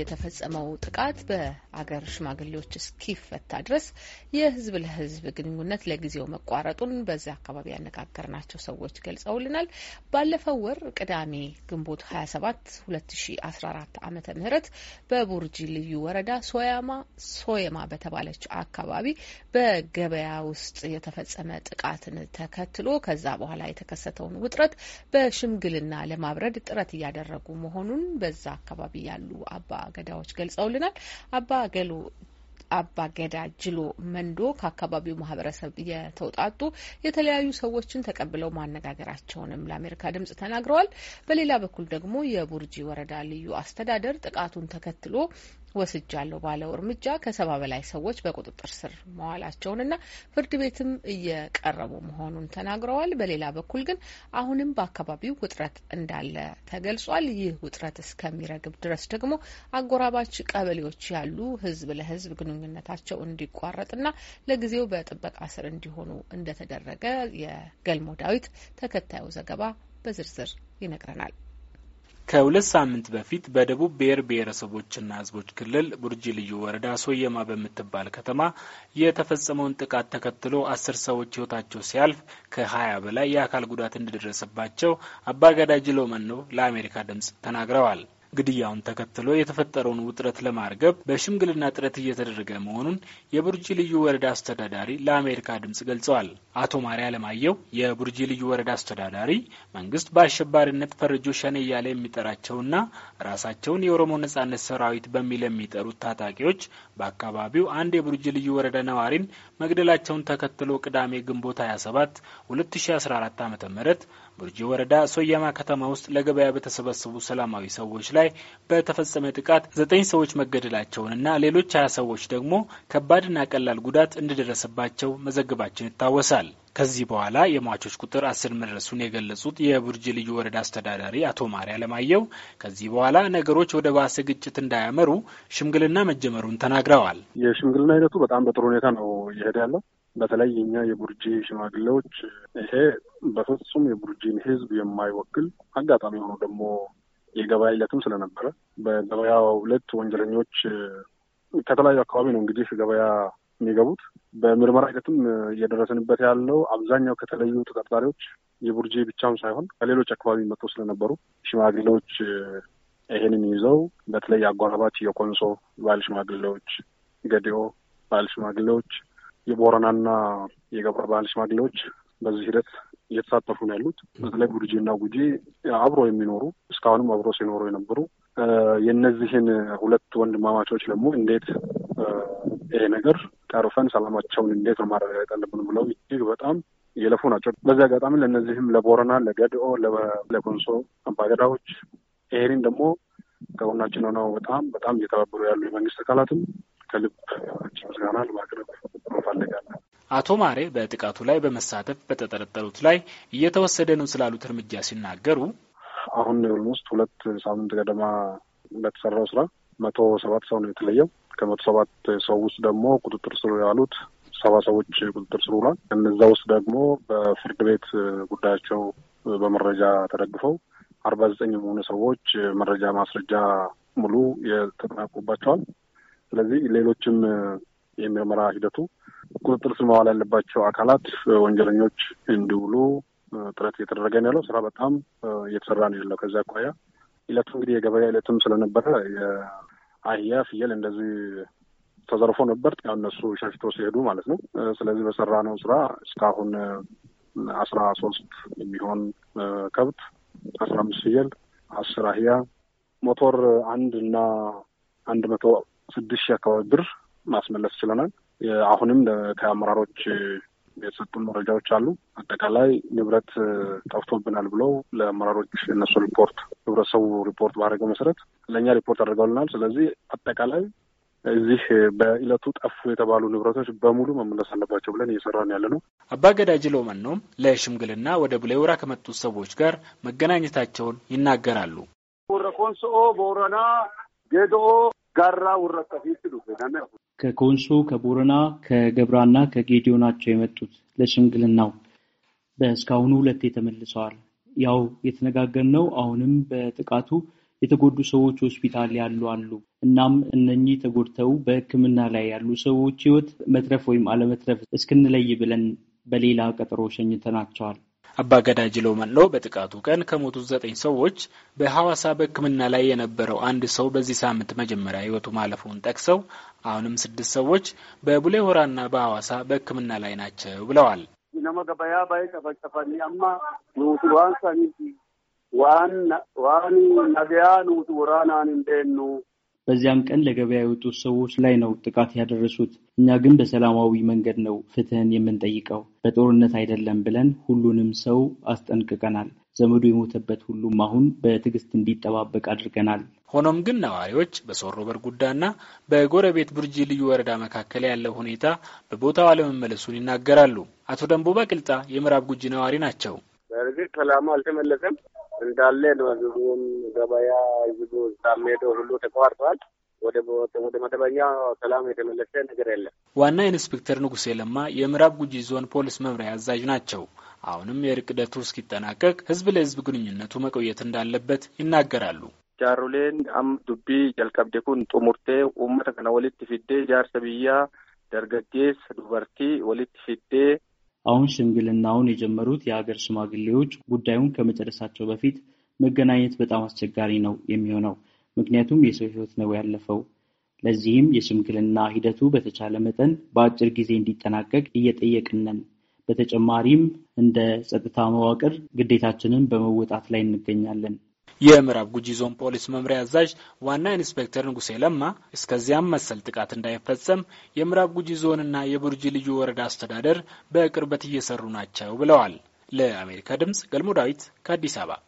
የተፈጸመው ጥቃት በ አገር ሽማግሌዎች እስኪፈታ ድረስ የህዝብ ለህዝብ ግንኙነት ለጊዜው መቋረጡን በዚያ አካባቢ ያነጋገርናቸው ሰዎች ገልጸውልናል። ባለፈው ወር ቅዳሜ ግንቦት 27 2014 ዓ ም በቡርጂ ልዩ ወረዳ ሶያማ ሶየማ በተባለች አካባቢ በገበያ ውስጥ የተፈጸመ ጥቃትን ተከትሎ ከዛ በኋላ የተከሰተውን ውጥረት በሽምግልና ለማብረድ ጥረት እያደረጉ መሆኑን በዛ አካባቢ ያሉ አባ ገዳዎች ገልጸውልናል። አባ ገሉ አባገዳ ጅሎ መንዶ ከአካባቢው ማህበረሰብ የተውጣጡ የተለያዩ ሰዎችን ተቀብለው ማነጋገራቸውንም ለአሜሪካ ድምጽ ተናግረዋል። በሌላ በኩል ደግሞ የቡርጂ ወረዳ ልዩ አስተዳደር ጥቃቱን ተከትሎ ወስጃለሁ ባለው እርምጃ ከሰባ በላይ ሰዎች በቁጥጥር ስር መዋላቸውንና ፍርድ ቤትም እየቀረቡ መሆኑን ተናግረዋል። በሌላ በኩል ግን አሁንም በአካባቢው ውጥረት እንዳለ ተገልጿል። ይህ ውጥረት እስከሚረግብ ድረስ ደግሞ አጎራባች ቀበሌዎች ያሉ ህዝብ ለህዝብ ግንኙነታቸው እንዲቋረጥና ለጊዜው በጥበቃ ስር እንዲሆኑ እንደተደረገ የገልሞ ዳዊት ተከታዩ ዘገባ በዝርዝር ይነግረናል። ከሁለት ሳምንት በፊት በደቡብ ብሔር ብሔረሰቦችና ህዝቦች ክልል ቡርጂ ልዩ ወረዳ ሶየማ በምትባል ከተማ የተፈጸመውን ጥቃት ተከትሎ አስር ሰዎች ህይወታቸው ሲያልፍ ከሀያ በላይ የአካል ጉዳት እንደደረሰባቸው አባገዳጅ ሎመኖ ለአሜሪካ ድምጽ ተናግረዋል። ግድያውን ተከትሎ የተፈጠረውን ውጥረት ለማርገብ በሽምግልና ጥረት እየተደረገ መሆኑን የቡርጂ ልዩ ወረዳ አስተዳዳሪ ለአሜሪካ ድምጽ ገልጸዋል። አቶ ማሪ አለማየሁ የቡርጂ ልዩ ወረዳ አስተዳዳሪ መንግስት በአሸባሪነት ፈረጆ ሸኔ እያለ የሚጠራቸውና ራሳቸውን የኦሮሞ ነጻነት ሰራዊት በሚል የሚጠሩት ታጣቂዎች በአካባቢው አንድ የቡርጂ ልዩ ወረዳ ነዋሪን መግደላቸውን ተከትሎ ቅዳሜ ግንቦት 27 2014 ዓ ም ቡርጂ ወረዳ ሶያማ ከተማ ውስጥ ለገበያ በተሰበሰቡ ሰላማዊ ሰዎች ላይ ላይ በተፈጸመ ጥቃት ዘጠኝ ሰዎች መገደላቸውንና ሌሎች ሀያ ሰዎች ደግሞ ከባድና ቀላል ጉዳት እንደደረሰባቸው መዘገባችን ይታወሳል። ከዚህ በኋላ የሟቾች ቁጥር አስር መድረሱን የገለጹት የቡርጅ ልዩ ወረዳ አስተዳዳሪ አቶ ማሪ አለማየሁ ከዚህ በኋላ ነገሮች ወደ ባሰ ግጭት እንዳያመሩ ሽምግልና መጀመሩን ተናግረዋል። የሽምግልና ሂደቱ በጣም በጥሩ ሁኔታ ነው እየሄደ ያለው። በተለይ የኛ የቡርጂ ሽማግሌዎች ይሄ በፍጹም የቡርጂን ሕዝብ የማይወክል አጋጣሚ ሆኖ ደግሞ የገበያ ሂደትም ስለነበረ በገበያ ሁለት ወንጀለኞች ከተለያዩ አካባቢ ነው እንግዲህ ገበያ የሚገቡት። በምርመራ ሂደትም እየደረሰንበት ያለው አብዛኛው ከተለዩ ተጠርጣሪዎች የቡርጂ ብቻም ሳይሆን ከሌሎች አካባቢ መጡ ስለነበሩ ሽማግሌዎች ይሄንን ይዘው በተለይ አጓራባች የኮንሶ ባል ሽማግሌዎች፣ ገዲኦ ባል ሽማግሌዎች፣ የቦረናና የገብረ ባል ሽማግሌዎች በዚህ ሂደት እየተሳተፉ ነው ያሉት። በተለይ ጉርጄ እና ጉጂ አብሮ የሚኖሩ እስካሁንም አብሮ ሲኖሩ የነበሩ የእነዚህን ሁለት ወንድማማቾች ደግሞ እንዴት ይሄ ነገር ቀርፈን ሰላማቸውን እንዴት ነው ማረጋገጥ አለብን ብለው እጅግ በጣም እየለፉ ናቸው። በዚህ አጋጣሚ ለእነዚህም ለቦረና፣ ለገድኦ፣ ለኮንሶ አባገዳዎች ይሄንን ደግሞ ከቡናችን ሆነው በጣም በጣም እየተባበሩ ያሉ የመንግስት አካላትም ከልብ ምስጋና ለማቅረብ አቶ ማሬ በጥቃቱ ላይ በመሳተፍ በተጠረጠሩት ላይ እየተወሰደ ነው ስላሉት እርምጃ ሲናገሩ አሁን ኦልሞስት ሁለት ሳምንት ገደማ በተሰራው ስራ መቶ ሰባት ሰው ነው የተለየው። ከመቶ ሰባት ሰው ውስጥ ደግሞ ቁጥጥር ስሩ ያሉት ሰባ ሰዎች ቁጥጥር ስሩ ውሏል። እነዛ ውስጥ ደግሞ በፍርድ ቤት ጉዳያቸው በመረጃ ተደግፈው አርባ ዘጠኝ የሆኑ ሰዎች መረጃ ማስረጃ ሙሉ የተጠናቁባቸዋል። ስለዚህ ሌሎችም የምርመራ ሂደቱ ቁጥጥር ስር መዋል ያለባቸው አካላት ወንጀለኞች እንዲውሉ ጥረት እየተደረገ ነው ያለው። ስራ በጣም እየተሰራ ነው ያለው። ከዚያ አኳያ እለቱ እንግዲህ የገበያ እለትም ስለነበረ የአህያ ፍየል እንደዚህ ተዘርፎ ነበር። ያው እነሱ ሸሽቶ ሲሄዱ ማለት ነው። ስለዚህ በሰራ ነው ስራ እስካሁን አስራ ሶስት የሚሆን ከብት፣ አስራ አምስት ፍየል፣ አስር አህያ፣ ሞቶር አንድ እና አንድ መቶ ስድስት ሺህ አካባቢ ብር ማስመለስ ችለናል። አሁንም ከአመራሮች የሰጡን መረጃዎች አሉ። አጠቃላይ ንብረት ጠፍቶብናል ብለው ለአመራሮች እነሱ ሪፖርት ህብረተሰቡ ሪፖርት ባደረገው መሰረት ለእኛ ሪፖርት አድርገውልናል። ስለዚህ አጠቃላይ እዚህ በኢለቱ ጠፉ የተባሉ ንብረቶች በሙሉ መመለስ አለባቸው ብለን እየሰራን ያለ ነው። አባ ገዳጅ ሎመኖም ለሽምግልና ወደ ቡሌ ከመጡት ሰዎች ጋር መገናኘታቸውን ይናገራሉ። ጌድኦ ጋራ ውረከፊት ከኮንሶ ከቦረና ከገብራና ከጌዲዮ ናቸው የመጡት ለሽምግልናው። በእስካሁኑ ሁለቴ ተመልሰዋል። ያው የተነጋገርነው አሁንም በጥቃቱ የተጎዱ ሰዎች ሆስፒታል ያሉ አሉ። እናም እነኚህ ተጎድተው በሕክምና ላይ ያሉ ሰዎች ህይወት መትረፍ ወይም አለመትረፍ እስክንለይ ብለን በሌላ ቀጠሮ ሸኝተናቸዋል። አባገዳ ጅለው መለው በጥቃቱ ቀን ከሞቱት ዘጠኝ ሰዎች በሐዋሳ በሕክምና ላይ የነበረው አንድ ሰው በዚህ ሳምንት መጀመሪያ ህይወቱ ማለፉን ጠቅሰው አሁንም ስድስት ሰዎች በቡሌ ሆራና በሐዋሳ በሕክምና ላይ ናቸው ብለዋል። ዋን ነገያ ኑቱ ወራናን እንደኑ በዚያም ቀን ለገበያ የወጡት ሰዎች ላይ ነው ጥቃት ያደረሱት። እኛ ግን በሰላማዊ መንገድ ነው ፍትህን የምንጠይቀው፣ በጦርነት አይደለም ብለን ሁሉንም ሰው አስጠንቅቀናል። ዘመዱ የሞተበት ሁሉም አሁን በትዕግስት እንዲጠባበቅ አድርገናል። ሆኖም ግን ነዋሪዎች በሶሮ በርጉዳና በጎረቤት ቡርጂ ልዩ ወረዳ መካከል ያለው ሁኔታ በቦታው አለመመለሱን ይናገራሉ። አቶ ደንቦባ ቅልጣ የምዕራብ ጉጂ ነዋሪ ናቸው። በእርግጥ ሰላሙ አልተመለሰም። እንዳለ ምግቡም ገበያ ህዝቡ ሳሜደው ሁሉ ተቋርጧል። ወደ መደበኛ ሰላም የተመለሰ ነገር የለም። ዋና ኢንስፔክተር ንጉሴ ለማ የምዕራብ ጉጂ ዞን ፖሊስ መምሪያ አዛዥ ናቸው። አሁንም የእርቅ ሂደቱ እስኪጠናቀቅ ህዝብ ለህዝብ ግንኙነቱ መቆየት እንዳለበት ይናገራሉ። ጃሩሌን አም ዱቢ ጀልቀብዴ ኩን ጡሙርቴ ኡመተ ከነ ወሊት ፊዴ ጃርሰ ደርገጌስ ዱበርቲ ወሊት ፊዴ አሁን ሽምግልናውን የጀመሩት የሀገር ሽማግሌዎች ጉዳዩን ከመጨረሳቸው በፊት መገናኘት በጣም አስቸጋሪ ነው የሚሆነው፣ ምክንያቱም የሰው ሕይወት ነው ያለፈው። ለዚህም የሽምግልና ሂደቱ በተቻለ መጠን በአጭር ጊዜ እንዲጠናቀቅ እየጠየቅን ነን። በተጨማሪም እንደ ጸጥታ መዋቅር ግዴታችንን በመወጣት ላይ እንገኛለን። የምዕራብ ጉጂ ዞን ፖሊስ መምሪያ አዛዥ ዋና ኢንስፔክተር ንጉሴ ለማ እስከዚያም መሰል ጥቃት እንዳይፈጸም የምዕራብ ጉጂ ዞንና የቡርጂ ልዩ ወረዳ አስተዳደር በቅርበት እየሰሩ ናቸው ብለዋል። ለአሜሪካ ድምጽ ገልሞ ዳዊት ከአዲስ አበባ